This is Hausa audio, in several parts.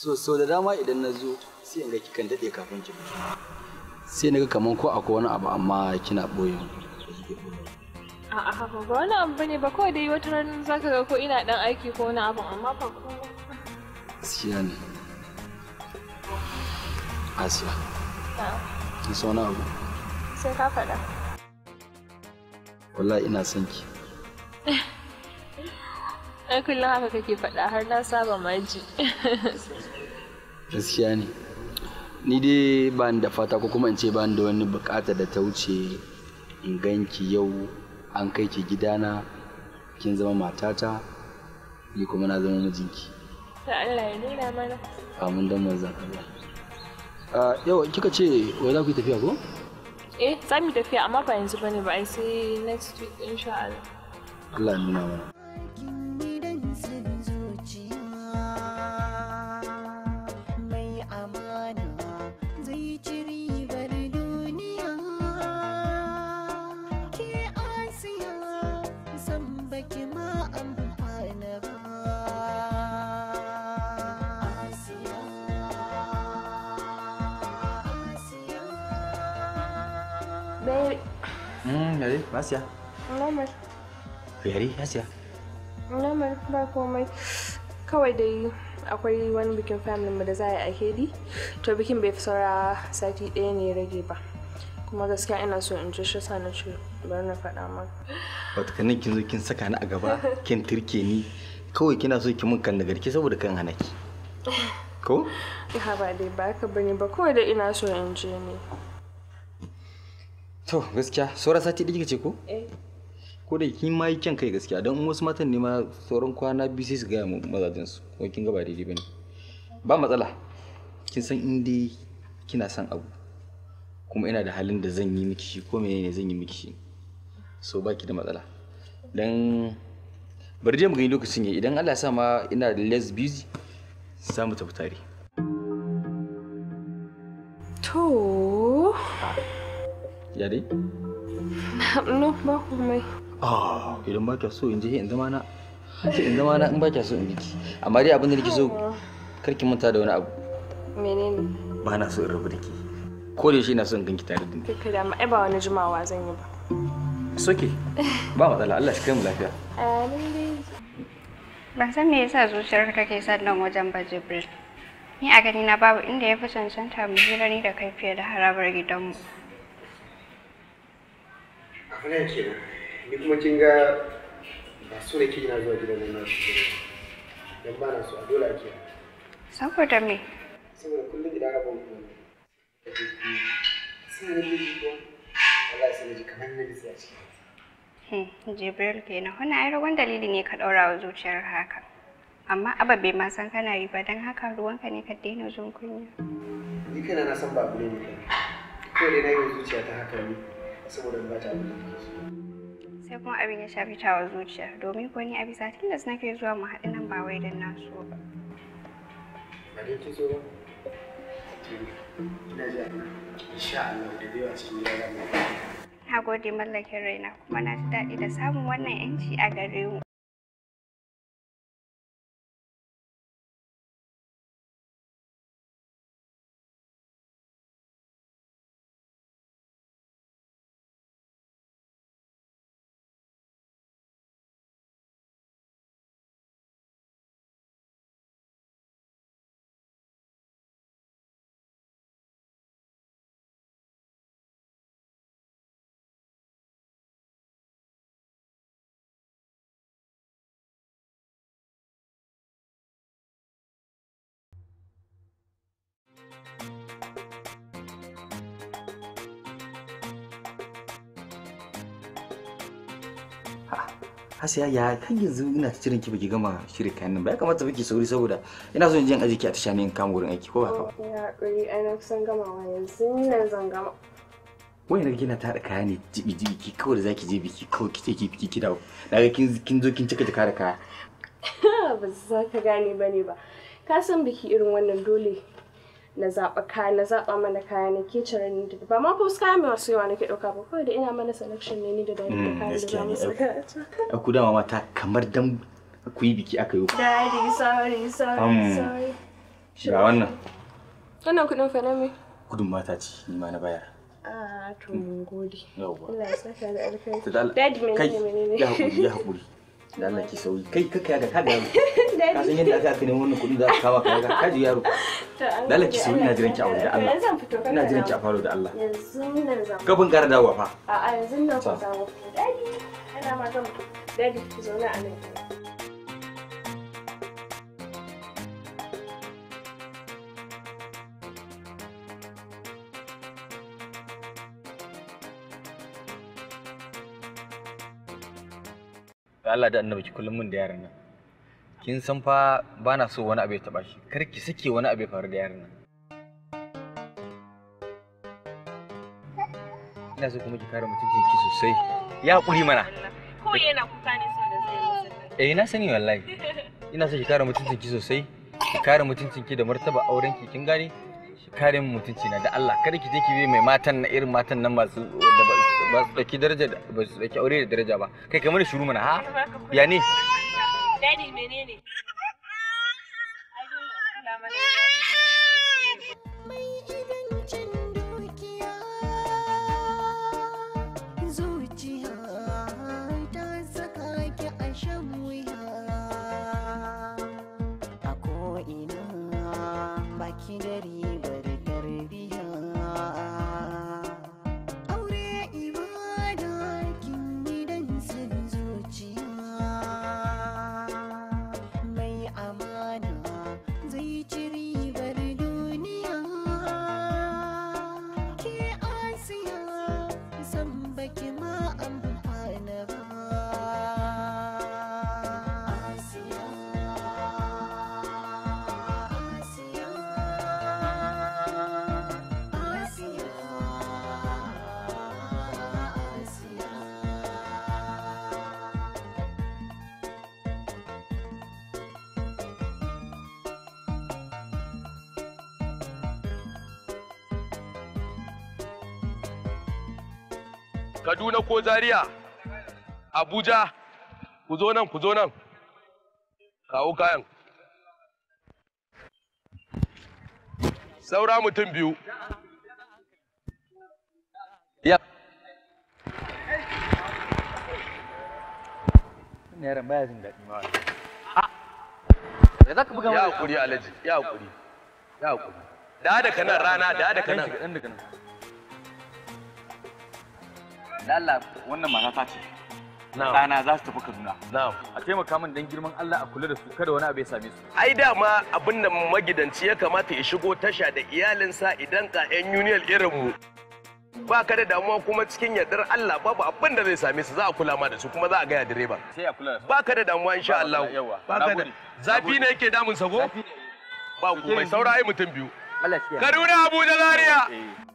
so so da dama idan na zo sai in ga kikan daɗe kafin ki sai na ga kaman ko akwai wani abu amma kina ɓoye a'a ba wani abu bane ba kawai dai wata ran zaka ga ko ina dan aiki ko wani abu amma ba ko gaskiya ne asiya na so wani abu sai ka faɗa wallahi ina son ki ai kullum haka kake faɗa har na saba maji gaskiya ne ni dai ba da fata ko kuma in ce ba da wani bukata da ta wuce in ganki yau an kai ki gidana kin zama matata ni kuma na zama mijinki ta Allah ya nuna mana amin dan manzon Allah yau kika ce wai za ku yi tafiya ko eh za mu tafiya amma ba yanzu bane ba ai sai next week insha Allah Allah ya nuna mana yare Asiya? Normal. Yare Asiya? Normal ba komai. Kawai dai akwai wani bikin family mu da za a yi a Hedi. To bikin bai fi saura sati ɗaya ne rage ba. kuma gaskiya ina so in ji shi sa na ci bari na faɗa maka. Wata kanin kin zo kin saka ni a gaba kin turke ni kawai kina so ki mun kan nagarki saboda kan hana ki. Ko? Ha ba dai ba ka bane ba kawai da ina so in je ne. To gaskiya saura sati ɗaya ce ko? Eh. Ko da kin ma yi kyan kai gaskiya don wasu matan ne ma sauran kwana biyu sai su gaya mu mazajen su ko kin ga ba daidai bane. Ba matsala. Kin san in dai kina son abu kuma ina da halin da zan yi miki shi ko menene zan yi miki shi. So ki da matsala. Dan bari je mu gani lokacin ya idan Allah ya sa ma ina da less busy za mu tafi tare. To Ya dai? No, ba komai. Ah, idan ba kya so in je in zama na. Sai in zama na in ba kya so in biki. Amma dai abin da nake so kar ki manta da wani abu. Menene? Ba na so in rabu da ke. Ko da yaushe ina so in ganki tare da ni. Kai da ai ba wani jimawa zan yi ba. Soke. Ba matsala Allah shi kai mu lafiya. Amin Ban san me yasa zuciyar ka ke son nan wajen ba Jibril. Ni a gani na babu inda ya fi cancanta mu hira ni da kai fiye da harabar gidanmu. wannan kenan ni kuma kin ga ba su ne ina zuwa gidan nan na shi dan ba na so a dole ake saboda me saboda kullum idan aka ne sai na miji ko wallahi sai ji kamar na bisa ce hmm, Jibril kenan wani ai ragon dalili ne ka ɗaura wa zuciyar haka amma aba bai ma san kana yi ba don haka ruwanka ne ka daina jin kunya ni kana na san ba ne kai ko dai na yi zuciya ta haka ne saboda sai kuma abin ya shafi tawa zuciya domin ko ni a bisa tilas nake zuwa mu haɗu nan ba wai don na so ba. ki ba? insha Allah da yawa cikin Na gode mallakin raina kuma na ji daɗi da samun wannan 'yanci a gare mu. Hasiya ya har yanzu ina ta cirin ki baki gama shirya kayan nan ba ya kamata baki sauri saboda ina son jin aji ki a tasha ne in kama wurin aiki ko ba ka ba. Ya ƙuri ai na kusan gamawa yanzu nan zan gama. Wai na kina tada kaya ne jibi jibi ki kawai da zaki je biki kawai kice ki biki ki Na ga kin kin zo kin cika da kaya. Ba za ka gane ba ne ba. Ka san biki irin wannan dole na zaɓa kaya na zaɓa mana kaya na ke cire ni da ba ma fa wasu kaya mai wasu yawa nake ɗauka ba kawai da ina mana selection ne ni da dani da mm, kaya da za mu saka a ku da mata kamar dan ku yi biki aka yi ku daddy sorry sorry sorry ga wannan wannan kuɗin fa ne. me kudin mata ce ni ma na bayar Ah, to mun gode. Yawwa. Allah ya saka da alkhairi. Daddy menene menene? Ya hakuri ya haƙuri. da Allah ki sauyi kai kaka yaga ka ga yaro ka san yadda aka tunan wannan kuɗin za ka kama ka ga ka ji yaro da Allah ki sauyi ina jiran ki a wuri da Allah ina jiran ki a falo da Allah yanzu nan zan kafin ƙara dawowa fa a yanzu ku dadi ana ma zan dadi zauna a nan da Allah da annabi ki kullum mun da yaran nan kin san fa ba na so wani abu ya taba shi kar ki sake wani abu ya faru da yaran nan ina so kuma ki kare mutuncin ki sosai ya hakuri mana ko yana kuka ne so da zai eh na sani wallahi ina so ki kare mutuncin ki sosai ki kare mutuncin ki da martaba auren ki kin gane ki kare mutuncina da Allah kar ki je ki bi mai matan na irin matan nan masu da ba ba su daki daraja ba su aure da daraja ba kai kamar shiru mana ha ya ne daddy menene kaduna ko zaria abuja ku zo nan ku zo nan kawo kayan saura mutum biyu ya yaran baya jin daɗi ma ya zaka buga wani. ya hakuri alaji ya hakuri ya hakuri da da kanan rana da da kanan Allah wannan matata ce na za su tafi Kaduna. A taimaka min dan girman Allah a kula da su kada wani abu ya same su. Ai da ma abin da magidanci ya kamata ya shigo tasha da iyalinsa idan ka 'yan union irin mu. Ba ka da damuwa kuma cikin yardar Allah babu abin da zai same su za a kula ma da su kuma za a gaya direba. Sai a kula da su. Ba ka da damuwa insha Allah. Ba ka da. Zafi ne yake damun sago? Ba ku mai saurayi mutum biyu. Kaduna Abuja Zaria. Eh.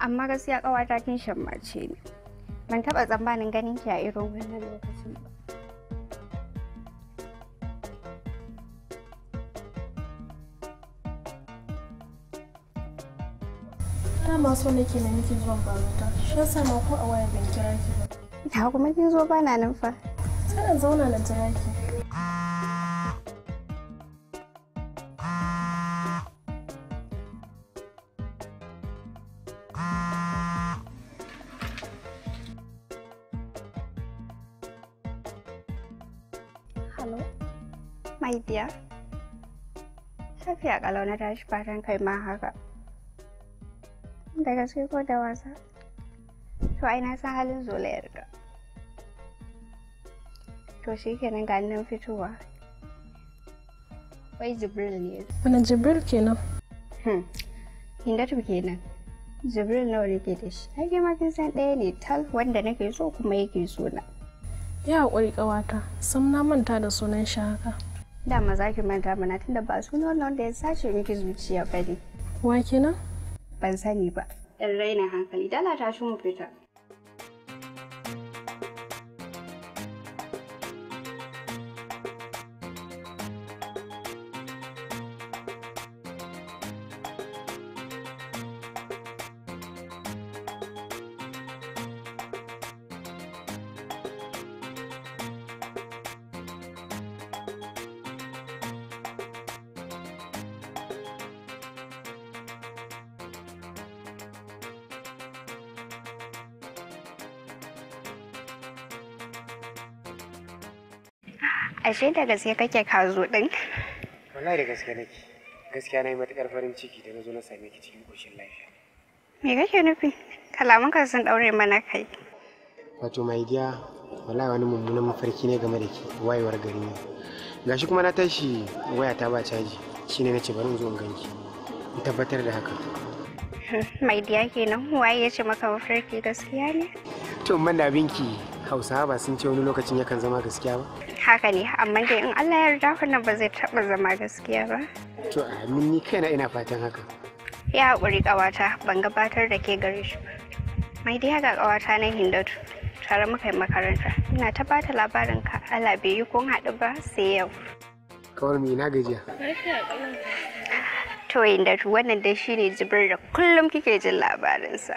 amma gaskiya ƙawata kin shammace ni ban taɓa tsammanin ganin ki a irin wannan lokacin ba dama so ke na kin zuwan baruta shi yasa ma ko a waya ban kira ki ba ta kuma kin zo bana nan fa sai zauna na jira ki kalau na tashi fatan kai ma haka daga sai ko da wasa to ai na san halin zola yarda to shi kenan ga nan fitowa wai jibril ne wani jibril kenan hmm. hindatu kenan jibril nawa nake da shi ai ma kin san ɗaya ne tal wanda nake so kuma yake so na ya haƙuri ƙawata sam na manta da sunan shi haka dama za ki manta mana da ba sunan wannan da ya sace miki zuciya ba ne. Wa kenan? Ban sani ba. Yan raina hankali, dala ta shi mu fita. ashe da gaske kake kazo din wallahi da gaske nake gaskiya na yi matukar farin ciki da na zo na same ki cikin koshin lafiya me kake nufi ka sun daure mana kai wato mai dia wallahi wani mummunan mafarki ne game da ke wayewar gari ne gashi kuma na tashi waya ta ba caji shine nace bari in zo in ganki in tabbatar da haka mai ke kenan waye ya ce maka mafarki gaskiya ne to man da binki hausawa ba sun ce wani lokacin yakan zama gaskiya ba haka ne amma dai in Allah ya yarda wannan ba zai taba zama gaskiya ba to amin ni kaina ina fatan haka ya hakuri ƙawata ban gabatar da ke gare shi ba mai dai ga ƙawata na hindatu tare muka yi makaranta ina ta bata labarin ka Allah bai yi kun haɗu ba sai yau kawar mai na gajiya to hindatu wannan dai shine jibir da kullum kike jin labarinsa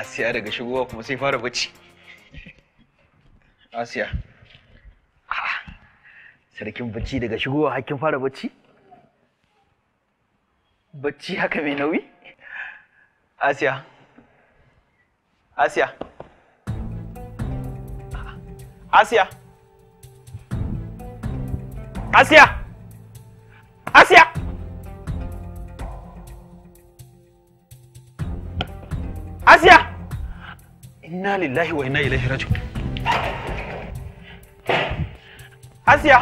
asiya daga shigowa kuma sai fara bacci asiya sarkin bacci daga shigowa hakkin fara bacci bacci haka mai nauyi asiya asiya asiya asiya asiya Inna lillahi wa inna ilaihi raji'un. Asiya!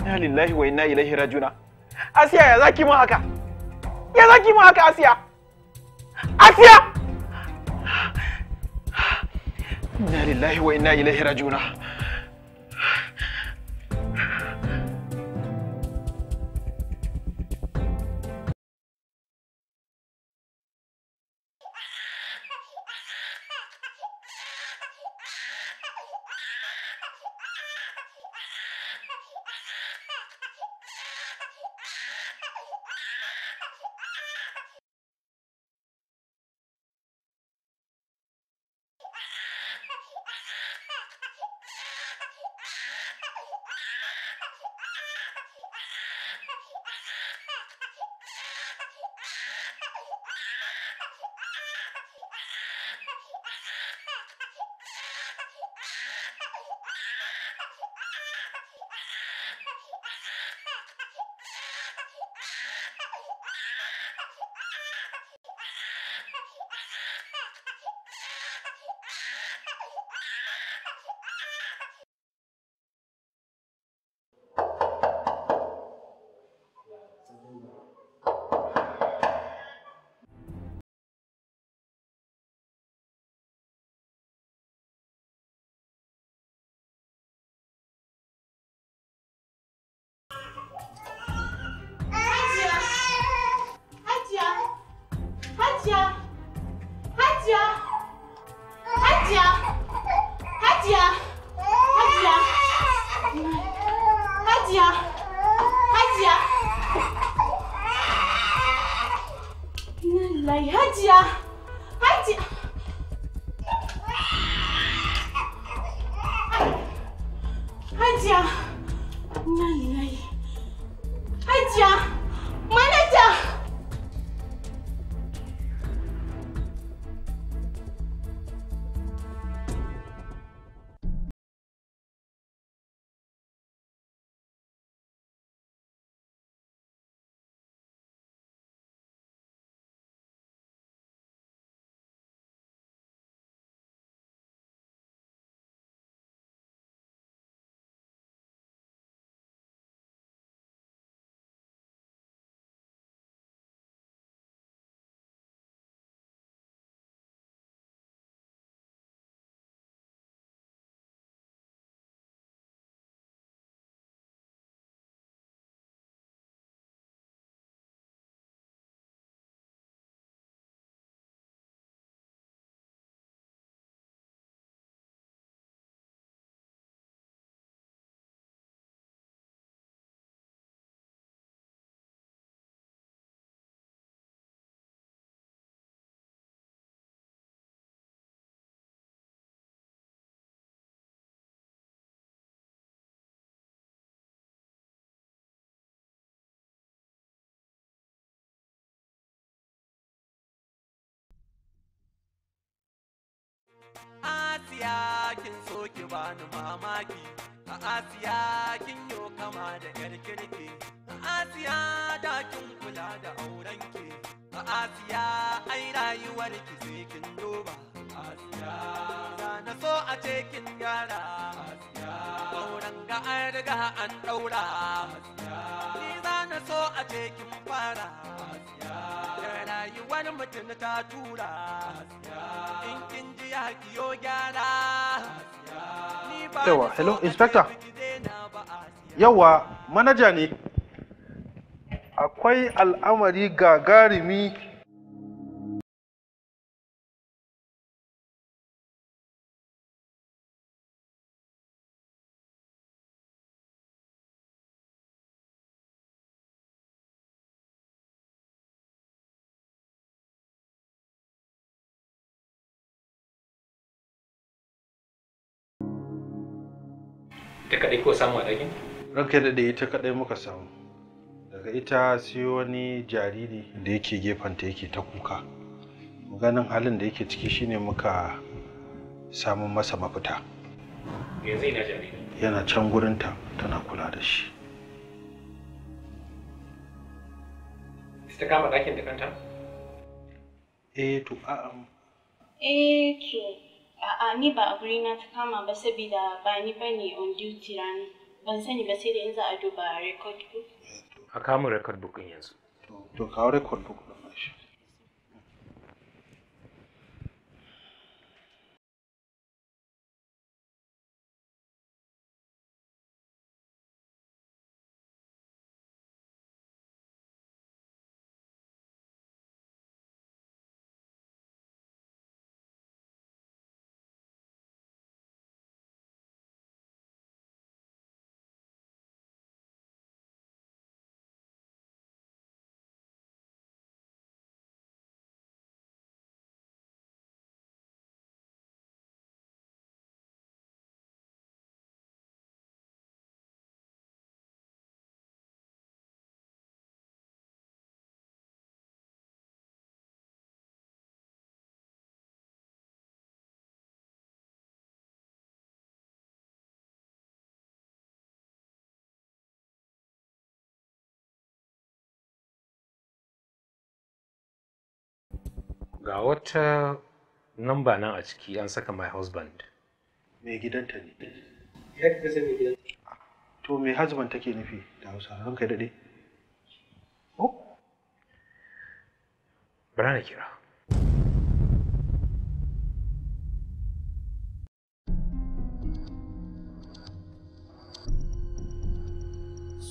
Inna lillahi wa inna ilaihi raji'un. Asiya ya zaki mu haka? Ya zaki mu haka Asiya? Asiya! Inna lillahi wa inna ilaihi raji'un. asiya kin so ki bani mamaki a asiya kin yo kama da yar kirki a asiya da kin kula da auren ki a asiya ai rayuwar ki sai kin A asiya da na so a ce kin gyara asiya auren ga an riga an daura asiya na so a ce kin fara rayuwar mutum ta tura in kin ji ya kiyo gyara yawa hello inspector yawa manaja ne akwai al'amari gagarumi ta kaɗai ko samu a ɗakin? ranka da ita kaɗai muka samu daga ita sai wani jariri da yake gefanta yake ta kuka ganin halin da yake ciki shine muka samu masa mafita yanzu ina jariri yana can gurinta tana kula da shi ta kama ɗakin da kanta? eh to a'a eh to A'a ni ba a guri na ta kama ba saboda ba ni ba ne on duty ranar. Ban sani ba sai da in za a duba record book. A kama record book yanzu. To kawo record book. ga wata namba nan a ciki an saka my husband mai gidanta ne yadda zai mai gidanta to mai husband take nufi da hausa ranka daɗe bana bara na kira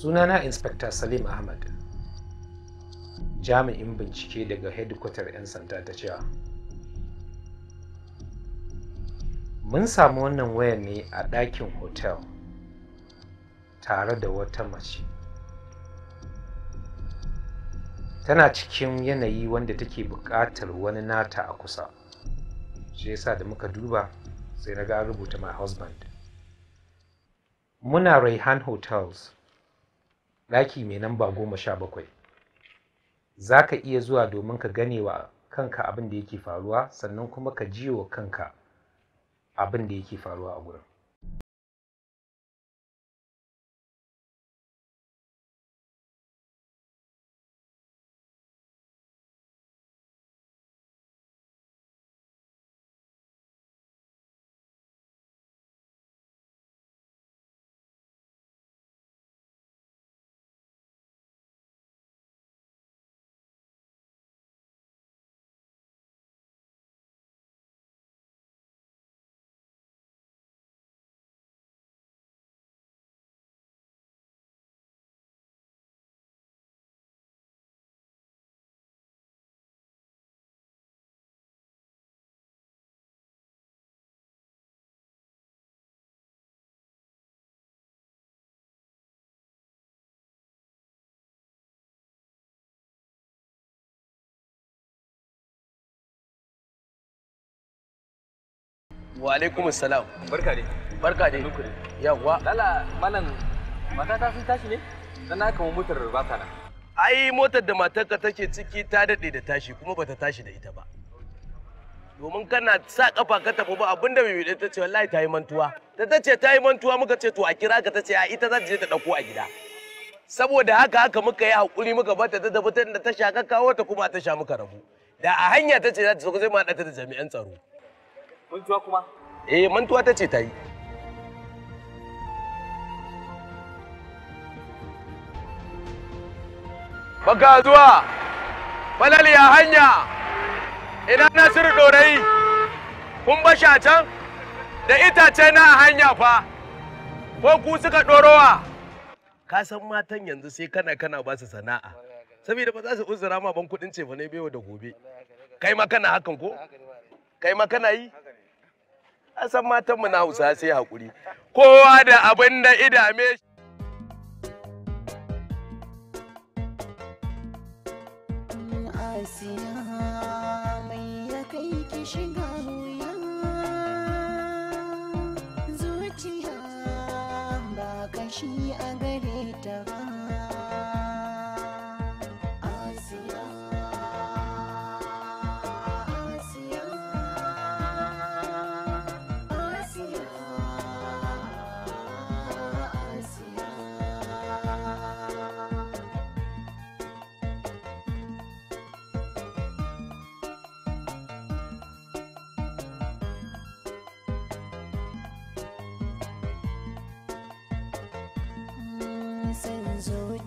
sunana inspector salim ahmad jami'in bincike daga hedikwatar 'yan sanda ta cewa mun samu wannan wayar ne a ɗakin hotel tare da wata mace tana cikin yanayi wanda take buƙatar wani nata a kusa shi yasa da muka duba sai na ga rubuta my husband muna raihan hotels ɗaki mai namba goma sha bakwai za ka iya zuwa domin ka gane wa kanka abin da yake faruwa sannan kuma ka ji wa kanka abin da yake faruwa a gurin Wa alaikum salam. Barka dai. Barka dai. Yawwa. Lala malam matata sun tashi ne? Dan haka mu motar ba ta nan. Ai motar da matarka take ciki ta daɗe da tashi kuma bata tashi da ita ba. Domin kana sa kafa ka tafi ba abinda mai mai ta ce wallahi ta yi mantuwa. Da ta ce ta yi mantuwa muka ce to a kira ka ta ce a ita za ta je ta ɗauko a gida. Saboda haka haka muka yi haƙuri muka bata ta tafi da ta sha kawo ta kuma ta sha muka rabu. Da a hanya ta ce za ta zo zai ma da jami'an tsaro. Mantuwa kuma? Eh, mantuwa ta ce ta yi. Baka zuwa, ya hanya, ina Nasiru Dorayi, kun basha can? Da itace na a hanya fa, ko ku suka ɗorowa. Ka san matan yanzu sai kana kana ba su sana'a, saboda ba za su uzura ma ban kuɗin ce fa ne da gobe. Kai ma kana hakan ko? Kai ma kana yi? a san matanmu na hausa sai haƙuri kowa da abin da idame shi shi a gare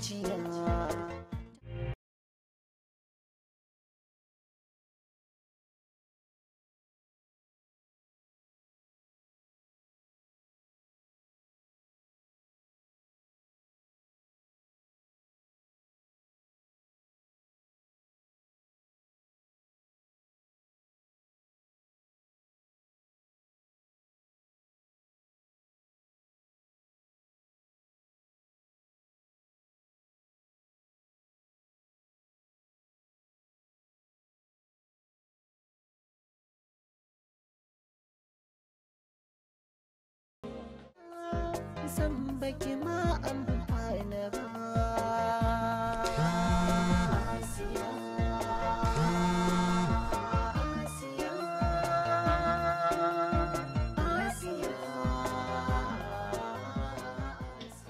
Latim. san baki ma amfana ba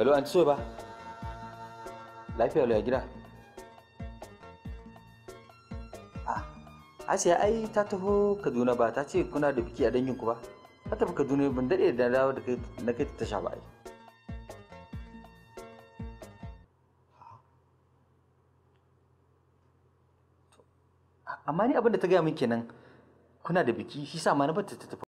Hello, an so ba? Lafiya ya gida? Ah, Asiya ai ta taho Kaduna ba ta ce kuna da biki a danginku ba. Ka tafi Kaduna ban daɗe da dawo da kai na kai ta tasha ba ai. amma ni abin da ta gaya min kenan kuna da biki shi sa ma na ta tafi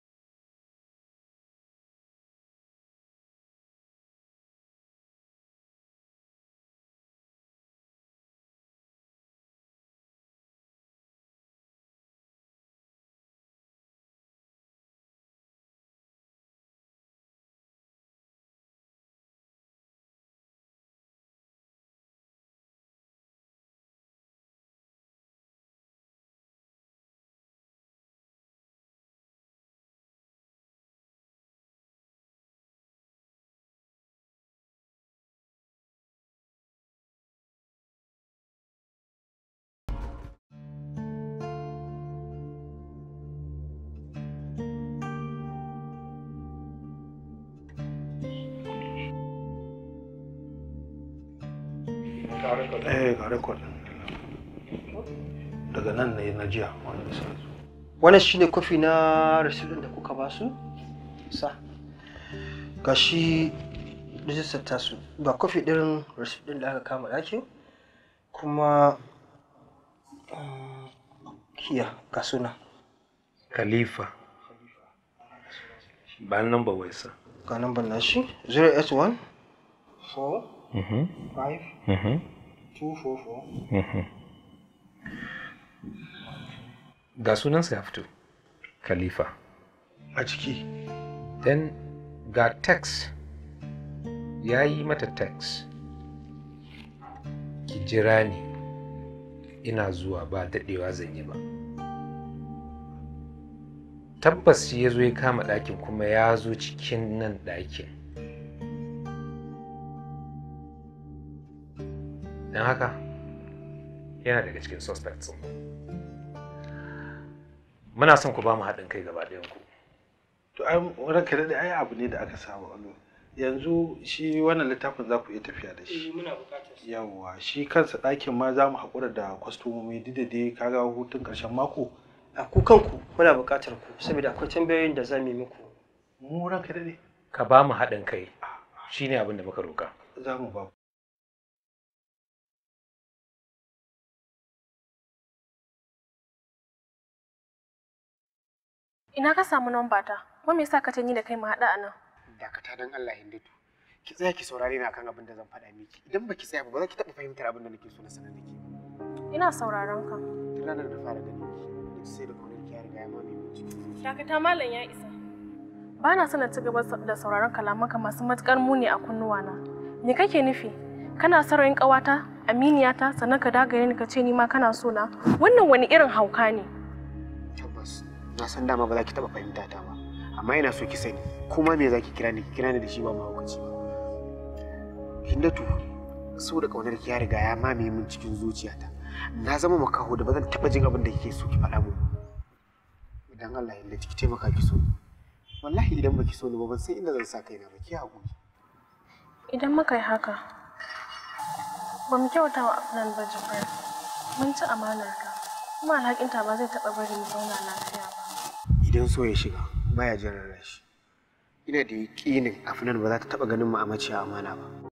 eh ga daga nan ne na jiya wanda sai wannan shine kofi na receipt da kuka basu sa gashi rijistar tasu ba kofi ɗin receipt da aka kama dakin kuma kiya um, ga suna khalifa ba number wai sa ga na shi 081 4 5 Mhm. ga sunansa ya fito khalifa a ciki then ga text ya yi mata text ki jira ni ina zuwa ba daɗewa zan yi ba tabbas shi ya zo ya kama ɗakin kuma ya zo cikin nan ɗakin don haka yana daga cikin suspects muna son ku ba mu haɗin kai gaba ku. to ai ranka dai ai abu ne da aka saba yanzu shi wannan littafin za ku iya tafiya da shi eh, muna yawa shi kansa ɗakin ma za mu haƙura da kwastomomi duk da kaga hutun ƙarshen mako a ku kanku muna buƙatar ku saboda akwai tambayoyin da za mu yi muku mu ranka dai ka ba mu haɗin kai shine abin da muka roka za mu ba Ina ka samu namba ta? Ko me yasa ka tanyi da kai mu haɗa anan? Dakata don Allah Hindatu. Ki tsaya ki saurare ni akan abin da zan faɗa miki. Idan baki tsaya ba za ki taɓa fahimtar abin da nake so na sanar da ke. Ina sauraron ka. Ranar da fara gani ki, sai da kaunar ki ya riga ya mame mu Dakata malam ya isa. Ba na son ci gaba da sauraron kalamanka masu matukar muni a kunnuwana. Me kake nufi? Kana saurayin ƙawata, aminiyata, sannan ka dagare ni ka ce ni ma kana so na? Wannan wani irin hauka ne? na san dama ba za ki taɓa fahimta ta ba amma ina so ki sani kuma me za ki kira ni kira ni da shi ba ma mahaukaci ba hindatu saboda ƙaunar ki ya riga ya mamaye min cikin zuciyata na zama makaho da ba zan taɓa jin abin da kike so ki faɗa mu idan Allah ya ki taimaka ki so wallahi idan baki so ni ba ban san inda zan sa kaina ba ki haƙuri idan muka yi haka ba mu kyauta wa Afnan ba Jafar mun ci amana ka kuma alhakin ta ba zai taɓa bari mu zauna lafiya ba idan so ya shiga baya jin rarrashi ina da yaƙinin afinan ba za ta taɓa ganin mu a mace amana ba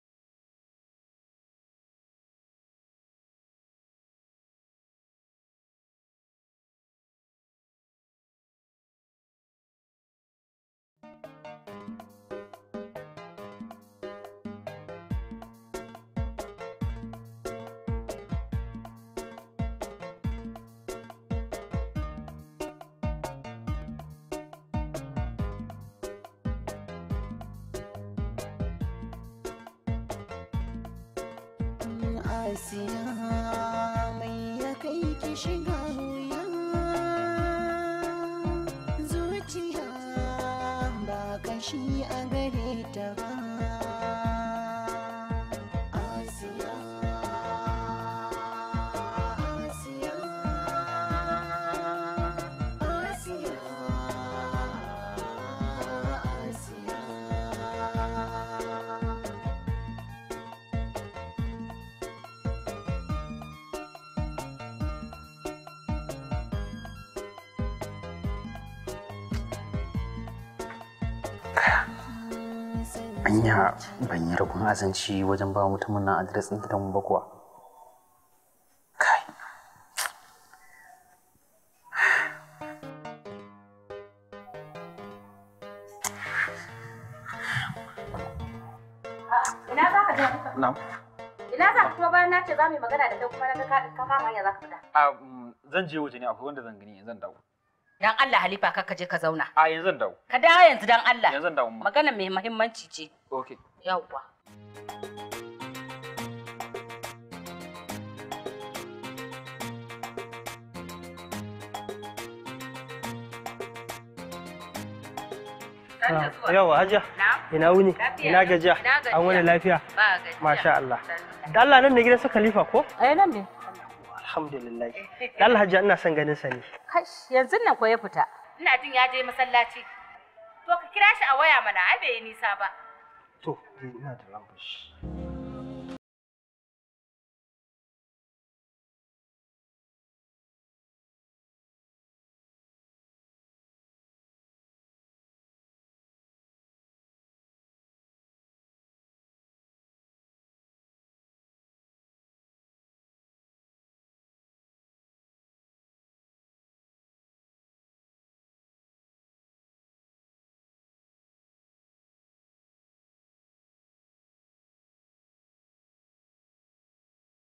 siya mai ya kai ki shiga wuya zuciya ba kashi a gare ta ba ban yi rukun azanci wajen ba mutumin nan adres ɗin gidan ba kuwa kai ina za ka je na'am ina za ka kuma bayan na ce za mu yi magana da kai kuma na ka ka kama hanya za ka fita a mm, zan je waje ne akwai wanda zan gani zan dawo Dan Allah Halifa ka je ka zauna. A yanzu dawo. Ka dawo yanzu dan Allah. Yanzu dawo. Magana mai muhimmanci ce. Okay. yawwa ah, yawa hajiya ina wuni ina gajiya an wani lafiya masha Allah Allah nan ne gidan su khalifa ko eh nan ne alhamdulillah Allah hajiya ina son ganin sa ne yanzu nan ko ya fita ina jin ya je masallaci to ka kira shi a waya mana ai bai nisa ba Tuh, di ini nah, ada lampu.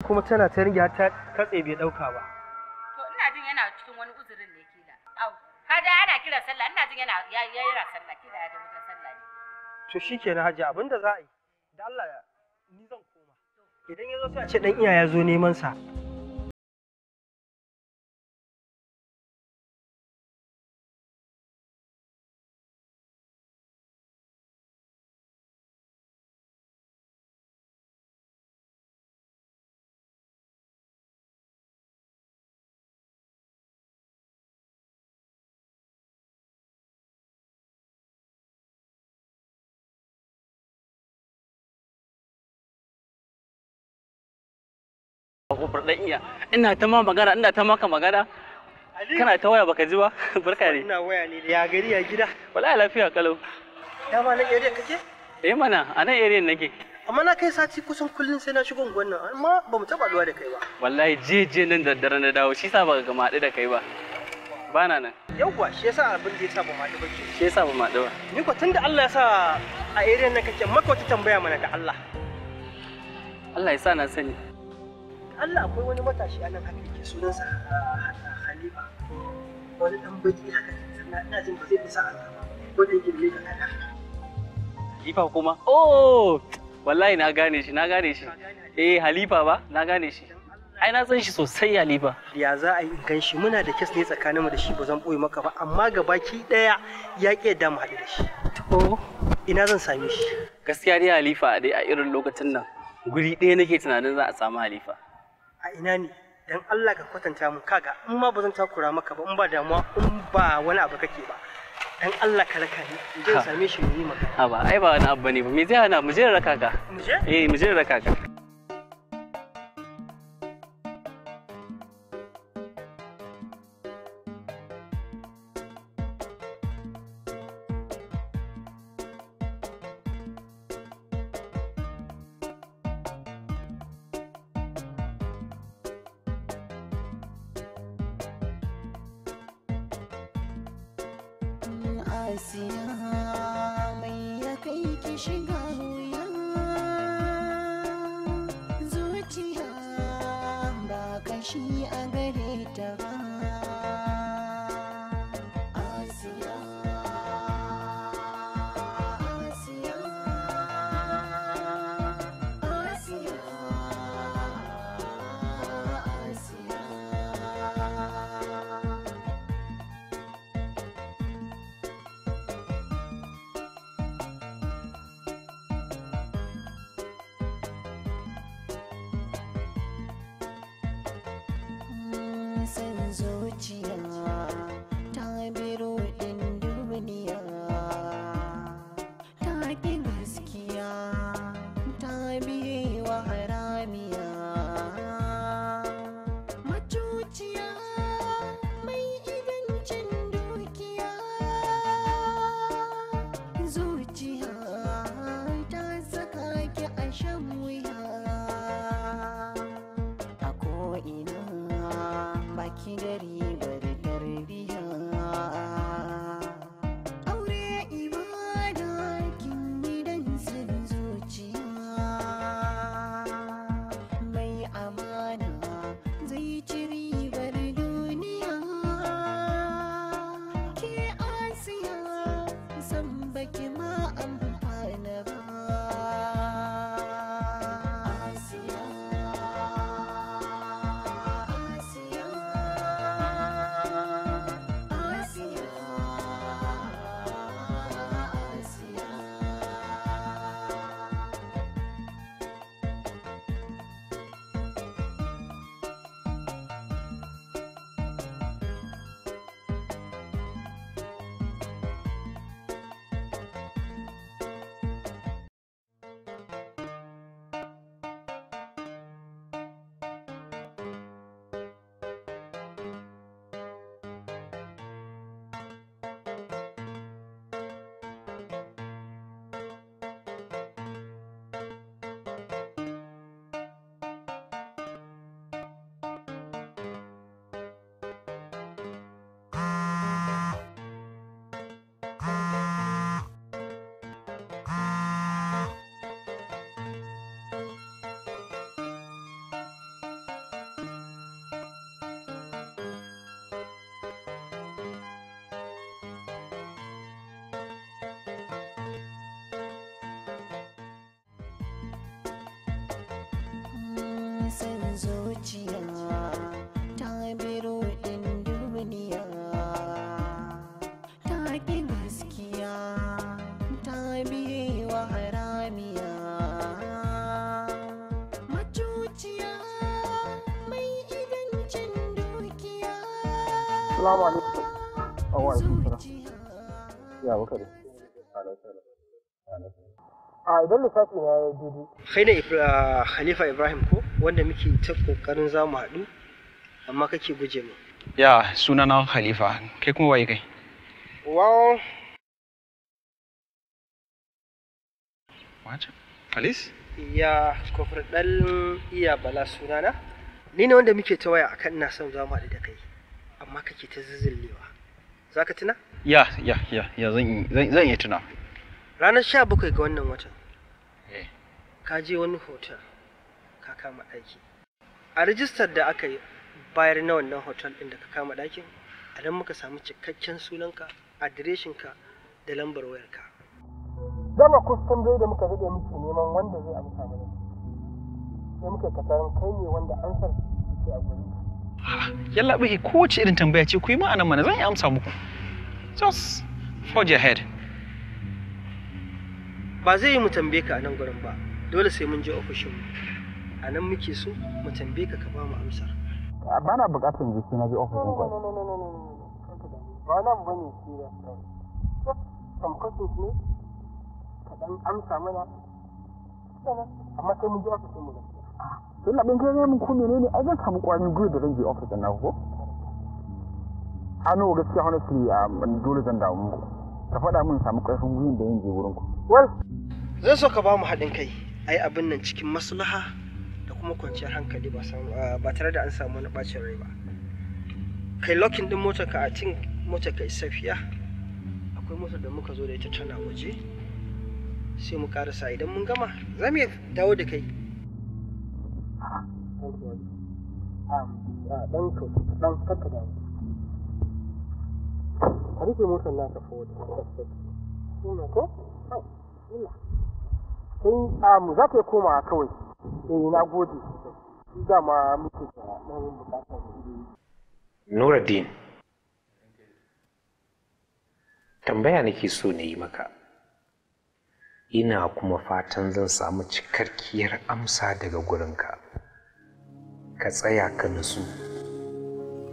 kuma tana ta ringe har ta katse bai dauka ba to ina jin yana cikin wani uzurin ne kila au kada ana kira sallah ina jin yana ya yana sallah kila ya tafi ta sallah ne to shikenan hajji abinda za a yi da Allah ni zan koma idan ya zo sai a ce dan iya ya zo neman sa kofar dan iya ina ta ma magana ina ta maka magana kana ta waya baka ji ba barka ne ina waya ne ya gari ya gida wallahi lafiya kalau ya ma nan area kake eh mana a nan area nake amma na kai sati kusan kullun sai na shigo unguwan amma bamu mu taba duwa da kai ba wallahi jeje nan daddare na dawo shi sa baka gama haɗu da kai ba bana nan yawwa shi yasa abin da yasa ba maɗi ba shi yasa ba maɗi ba ni ko tunda Allah yasa a area nan kake maka wata tambaya mana da Allah Allah ya sa na sani Allah akwai wani matashi a nan haka yake sunansa Khalifa wani dan baki haka sannan ina jin ba zai fi sa'a ko da yake ka kada Khalifa kuma oh wallahi na gane shi na gane shi eh Halifa ba na gane shi ai na san shi sosai Halifa ya za a yi gan shi muna da kes ne tsakanin mu da shi ba zan boye maka ba amma gabaki daya ya ke da mu da shi to ina zan same shi gaskiya dai Halifa dai a irin lokacin nan guri ɗaya nake tunanin za a samu Halifa a ina ne dan Allah ka kwatanta mun kaga in ma ba zan takura maka ba in ba damuwa in ba wani abu kake ba dan Allah ka raka ni in je same shi ni yi magana ha ba ai ba wani abu bane ba me zai hana mu je raka ga mu je eh mu je raka ga shi a gare ta ba san zuciya ta biro din duniya ta ki gaskiya ta biye wa haramiya macuciya mai gidancin dukiya Salamu alaikum. Awa alaikum salam. Ya bakare. A idan lissafi na ya dudu. Kai ne Ibrahim ko? wanda muke ta kokarin za mu haɗu amma kake guje mu ya sunana khalifa kai kuma waye kai wow wace Alice? ya kofar ɗan iya bala sunana ni ne wanda muke ta waya akan ina son za mu haɗu da kai amma kake ta zuzullewa za ka tuna? ya ya ya ya zan iya tuna ranar sha bakwai ga wannan watan eh. ka je wani hotel kama ɗaki a rijistar da aka yi bayar na wannan hotel ɗin da ka kama ɗakin a nan muka samu cikakken sunanka adireshinka da lambar wayarka zama kuskun da muka rage miki neman wanda zai amsa mana sai muke kasarin kai ne wanda an san ke a gurin yalla bai kowace irin tambaya ce ku yi ma'anar mana zan yi amsa muku just forge ahead ba zai yi mu tambaye ka a nan gurin ba dole sai mun je ofishin mu a nan muke so mu tambaye ka ka ba mu amsa ba na bukatar jiki na je ofishin kwai ba na bane ne shi da tamkwasis ne ka dan amsa mana amma sai mun je ofishin mu gaskiya ina bin kai mun kuma ne ne ai zan samu kwarin gwiwa da zan je ofishin na ko a no gaskiya honestly dole zan dawo muku ka faɗa mun samu ƙarfin gwiwa da yin je wurin ku Zai so ka ba mu haɗin kai ai abin nan cikin maslaha kuma kwanciyar hankali ah, ba tare da an samu wani bacin rai ba kai lokin din motar ka a cin motar ka safiya akwai motar da muka zo da ita tana waje sai mu karasa idan mun gama za mu dawo da kai ɗan ka ɗan kakka da ka rufe motar naka fa wata ko? Kai za ka koma kawai eh na gode dama muke da bukatar Nuruddin tambaya nake so na yi maka ina kuma fatan zan samu cikakkiyar amsa daga gurinka ka tsaya ka nasu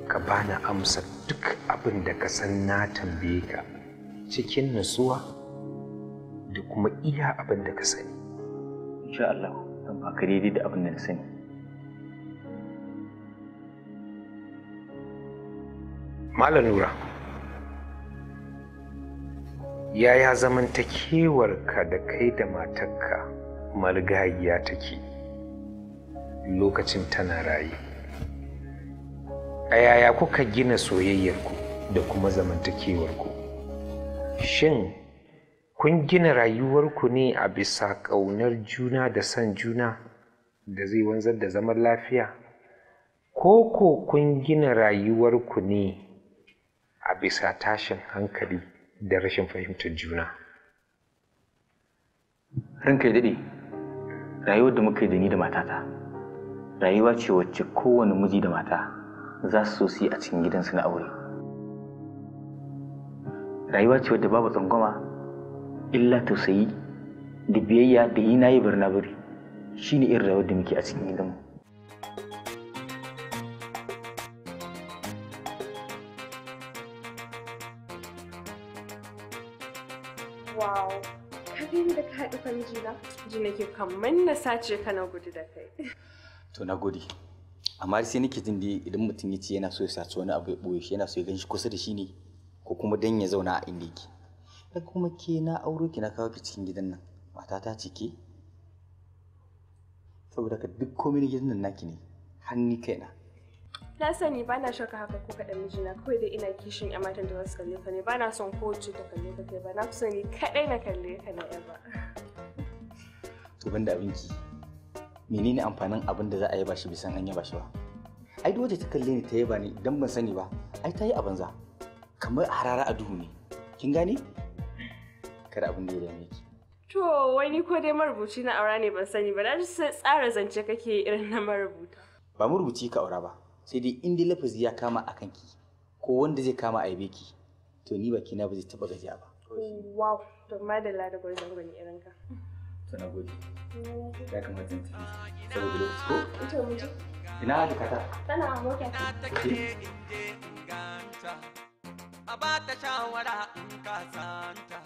ka bani amsa duk abin da ka san na tambaye ka cikin natsuwa da kuma iya abin da ka sani zan ba ka daidai da abin da na sani malam nura yaya zamantakewarka da kai da matarka marigayiya take lokacin tana raye a yaya kuka gina soyayyarku da kuma zamantakewarku shin kun gina rayuwarku ne a bisa ƙaunar juna da son juna da zai wanzar da zaman lafiya ko ko kun gina rayuwarku ne a bisa tashin hankali da rashin fahimtar juna ranka dade, rayuwar da muka yi da ni da matata rayuwa ce wacce kowane miji da mata za su so su yi a cikin gidansu na aure rayuwa ce wadda babu tsangwama illa tausayi da biyayya da yi na yi barna bari shine irin rawar da muke a cikin gidanmu Wow, da ka haɗu kan jina, ji nake kamar na sace ka na gudu da kai. To na gode. Amma sai nake jin da idan mutum ya ce yana so ya sace wani abu ya ɓoye shi yana so ya gan shi kusa da shi ne ko kuma dan ya zauna a inda yake. ta kuma ke na auro ki na kawo ki cikin gidan nan matata ce ke saboda ka duk komai na gidan nan naki ne har ni na. na sani ba na shaka haka ko kaɗan mijina kawai dai ina kishin ƴan matan da wasu kalle ka ne ba na son wacce ta kalle ka kai ba na fi sani kaɗai na kalle ka na yaba to banda abinci menene amfanin abin da za a yaba shi bisan an yaba shi ba ai duk wacce ta kalle ni ta yaba ni dan ban sani ba ai ta yi a banza kamar harara a duhu ne kin gane kada abin da ya dame ki to wai ni ko dai marubuci na aura ne ban sani ba na ji tsara zance kake irin na marubuta ba marubuci ka aura ba sai dai inda lafazi ya kama a kanki ko wanda zai kama a yabe ki to ni baki na ba zai taba gajiya ba oh, wow to ma da gwarzon gani irin ka to na gode ya kamata in tafi saboda lokaci ko ita mu ina da kata tana mota ba ta shawara in ka santa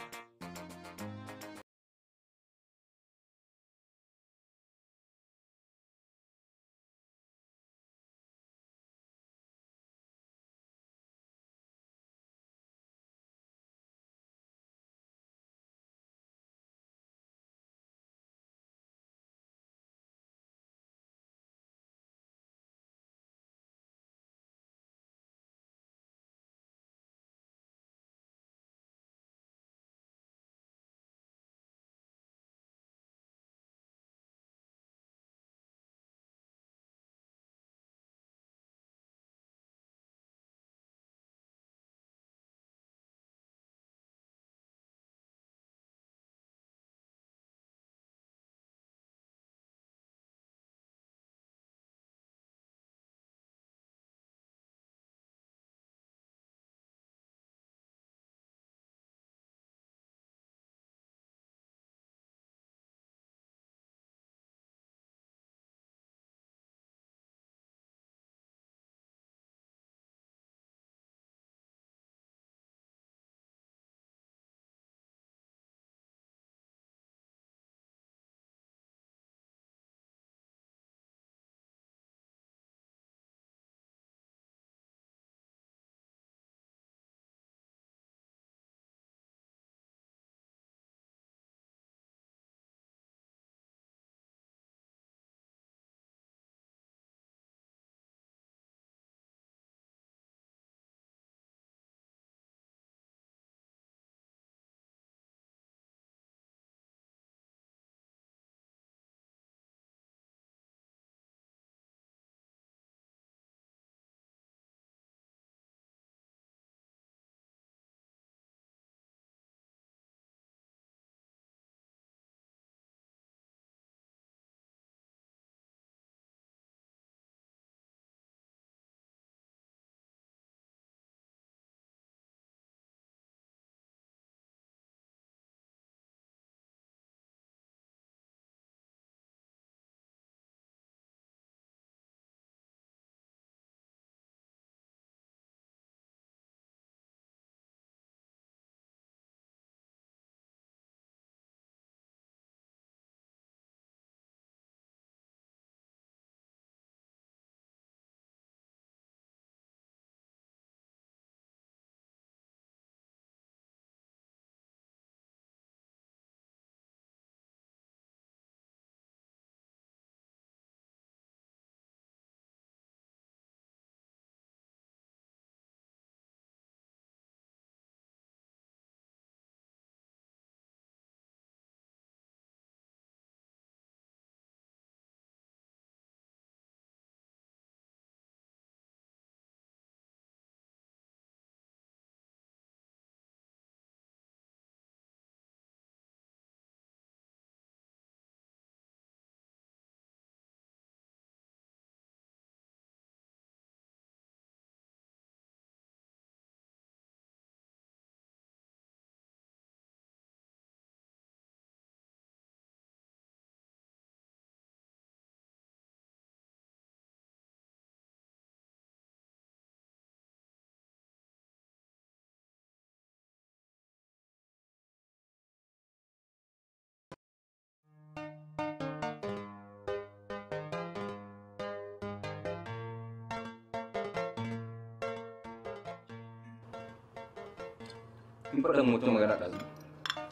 in faɗa magana ɗazu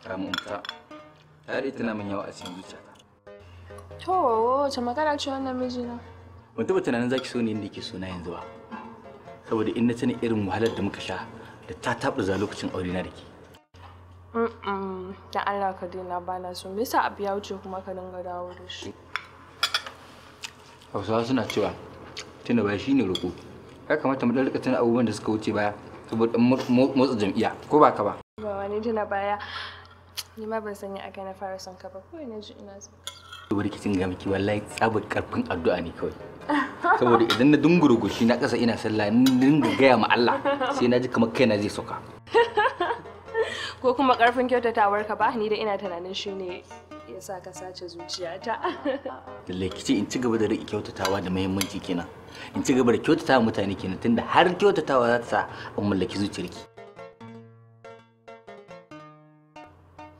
ramin fita ta daɗe tana min yawa a cikin to wace magana ce wannan mijina ban taɓa tunanin zaki so ne inda ke so na yanzu ba saboda in na irin wahalar da muka sha da ta za lokacin aure na da ke da Allah ka daina ba na so me yasa abu ya wuce kuma ka dinga dawo da shi hausawa suna cewa tuna ba shi ne roƙo ya kamata mu ɗan rika tuna abubuwan da suka wuce baya motsa jam'iyya ko ba ka ba ba wani tuna baya ni ma ban sanya akai na fara son ka ba ko ina ji ina so saboda kicin ga miki wallahi tsabar karfin addu'a ne kawai saboda idan na dungurgushi na kasa ina sallah ni dinga gaya ma Allah sai na ji kamar kaina zai soka ko kuma karfin kyautatawar ka ba ni da ina tunanin ne ya sa ka sace zuciyata. Lallai kici in ci gaba da riƙe kyautatawa da muhimmanci kenan. In ci gaba da kyautatawa mutane kenan tunda har kyautatawa za ta sa in mallaki zuciyarki.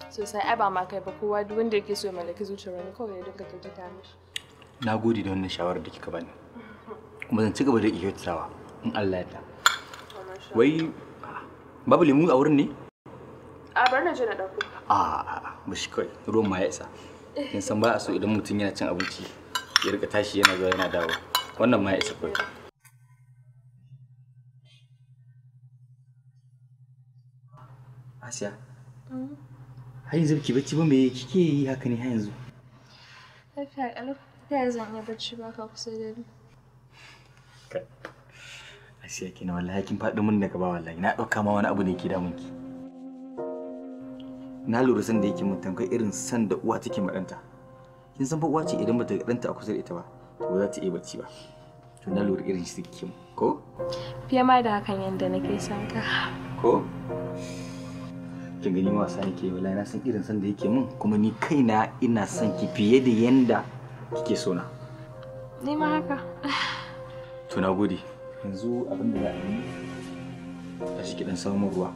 Sosai ai ba ma kai ba kowa duk wanda yake so ya mallaki zuciyar wani kawai ya dinga kyautata mishi. Na gode da wannan shawarar da kika bani. Kuma zan ci gaba da riƙe kyautatawa in Allah ya ta. Oh, Wai babu lemu a wurin ne? A bar na je na ɗauko. A mishi kawai ruwan ma ya isa. Kin san ba a so idan mutum yana cin abinci ya rika tashi yana zuwa yana dawo. Wannan ma ya isa kai. Asiya. Mm. Har yanzu ki bacci ba me kike yi haka ne har yanzu? Lafiya ƙalau. Ta yaya zan iya bacci ba ka kusa da ni? Asiya kina wallahi kin faɗi min daga ba wallahi na ɗauka ma wani abu ne ke damun ki. na lura san da yake mun tanka irin san da uwa take ma danta kin san fa uwa ce idan bata danta a kusa da ita ba to za ta iya bacci ba to na lura irin shi take ko fiye ma da hakan yanda nake san ka ko kin gani ma wasa ke wallahi na san irin san da yake mun kuma ni kaina ina san ki fiye da yanda kike so na ni ma haka to na gode yanzu abin da za a yi a shi ki dan samu ruwa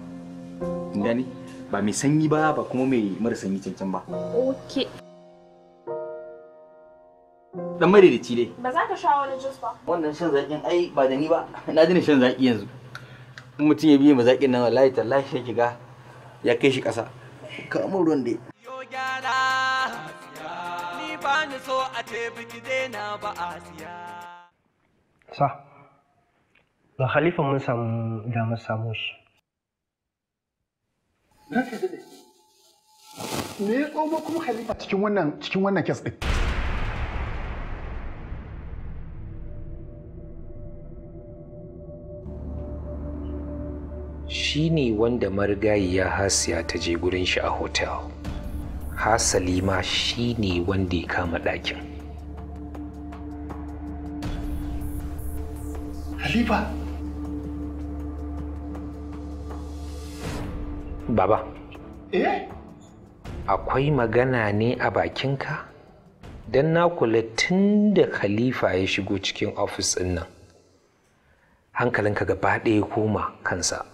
gani ba mai sanyi ba ba kuma mai mara sanyi cancan ba Ok. dan madaidaici dai ba za ka sha wani jus ba wannan shan zaƙin ai ba da ni ba na dina shan zaƙi yanzu in mutum ya biye ma zaƙin nan wallahi tallahi sai kiga ya kai shi ƙasa ka amur ruwan dai ni ba ni so a ce biki na ba siya. sa ga khalifa mun samu damar samu shi ranka da me ya tsoma kuma khalifa cikin wannan cikin wannan kes din shi ne wanda marigayi ya hasiya ta je gurin shi a hotel hasali ma shi ne wanda ya kama ɗakin halifa Baba. Eh? Akwai magana ne a bakinka? Don na kula tun da Khalifa ya shigo cikin ofis ɗin nan. Hankalinka gaba ɗaya ya koma kansa.